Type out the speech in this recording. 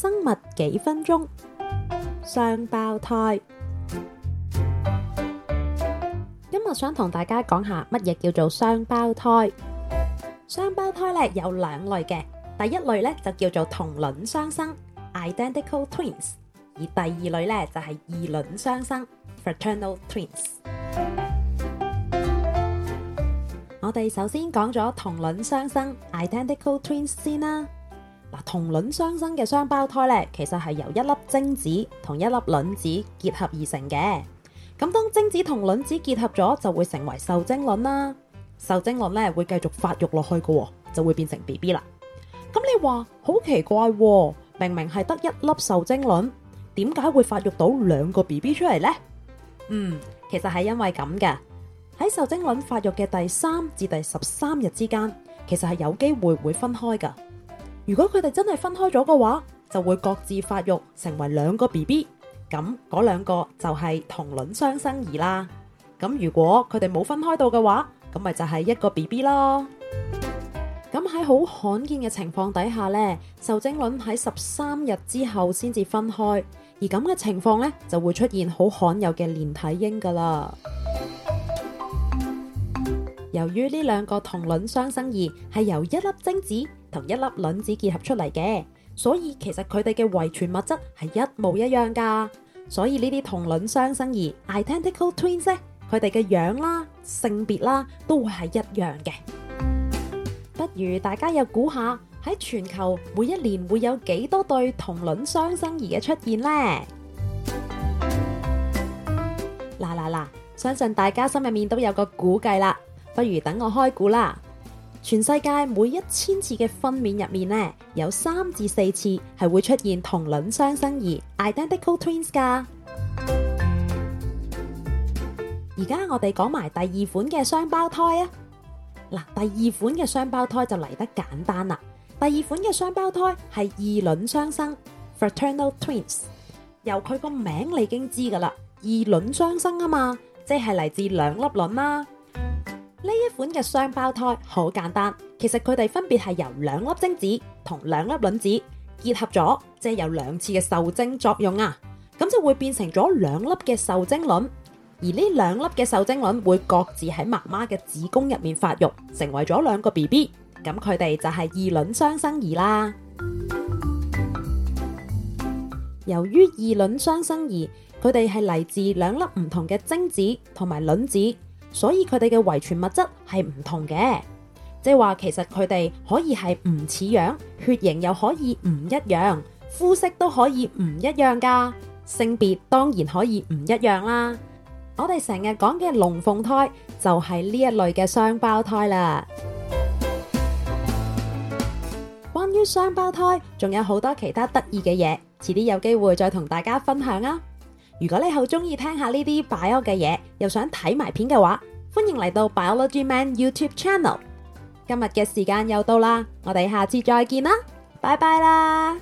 生物幾分鐘，雙胞胎。今日想同大家講下乜嘢叫做雙胞胎。雙胞胎咧有兩類嘅，第一類咧就叫做同卵雙生 （identical twins），而第二類咧就係異卵雙生 （fraternal twins）。我哋首先講咗同卵雙生 （identical twins） 先啦。同卵雙生嘅雙胞胎咧，其實係由一粒精子同一粒卵子結合而成嘅。咁當精子同卵子結合咗，就會成為受精卵啦。受精卵咧會繼續發育落去嘅，就會變成 B B 啦。咁你話好奇怪喎，明明係得一粒受精卵，點解會發育到兩個 B B 出嚟呢？嗯，其實係因為咁嘅。喺受精卵發育嘅第三至第十三日之間，其實係有機會會分開噶。如果佢哋真係分開咗嘅話，就會各自發育成為兩個 B B，咁嗰兩個就係同卵雙生兒啦。咁如果佢哋冇分開到嘅話，咁咪就係一個 B B 咯。咁喺好罕見嘅情況底下呢，受精卵喺十三日之後先至分開，而咁嘅情況呢，就會出現好罕有嘅連體嬰噶啦。由於呢兩個同卵雙生兒係由一粒精子，同一粒卵子結合出嚟嘅，所以其實佢哋嘅遺傳物質係一模一樣噶，所以呢啲同卵雙生兒 （identical twins） 佢哋嘅樣啦、性別啦都會係一樣嘅。 不如大家又估下喺全球每一年會有幾多對同卵雙生兒嘅出現呢？嗱嗱嗱，相信大家心入面都有個估計啦，不如等我開估啦。全世界每一千次嘅分娩入面呢，有三至四次係會出現同卵雙生兒 （identical twins） 噶。而家我哋講埋第二款嘅雙胞胎啊，嗱，第二款嘅雙胞胎就嚟得簡單啦。第二款嘅雙胞胎係異卵雙生 （fraternal twins），由佢個名你已經知噶啦，異卵雙生啊嘛，即係嚟自兩粒卵啦。呢一款嘅雙胞胎好簡單，其實佢哋分別係由兩粒精子同兩粒卵子結合咗，即係有兩次嘅受精作用啊，咁就會變成咗兩粒嘅受精卵，而呢兩粒嘅受精卵會各自喺媽媽嘅子宮入面發育，成為咗兩個 BB，咁佢哋就係二卵雙生兒啦。由於二卵雙生兒，佢哋係嚟自兩粒唔同嘅精子同埋卵子。所以佢哋嘅遺傳物質係唔同嘅，即係話其實佢哋可以係唔似樣，血型又可以唔一樣，膚色都可以唔一樣噶，性別當然可以唔一樣啦。我哋成日講嘅龍鳳胎就係呢一類嘅雙胞胎啦。關於雙胞胎，仲有好多其他得意嘅嘢，遲啲有機會再同大家分享啊！如果你好中意聽下呢啲 biology 嘅嘢，又想睇埋片嘅話，歡迎嚟到 biology man YouTube channel。今日嘅時間又到啦，我哋下次再見啦，拜拜啦！